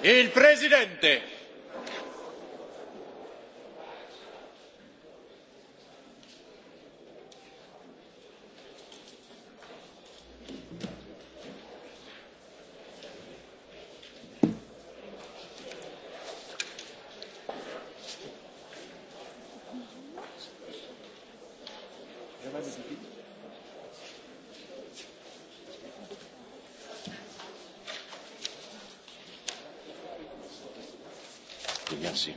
Il presidente. Merci.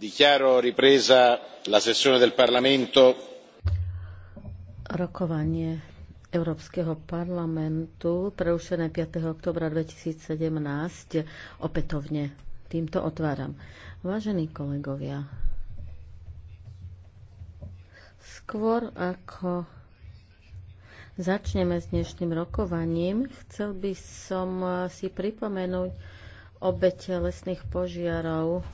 dichiaro ripresa la sessione del parlamento rokovanie Európskeho parlamentu prerušené 5. oktobra 2017 opätovne. Týmto otváram. Vážení kolegovia, skôr ako začneme s dnešným rokovaním, chcel by som si pripomenúť obete lesných požiarov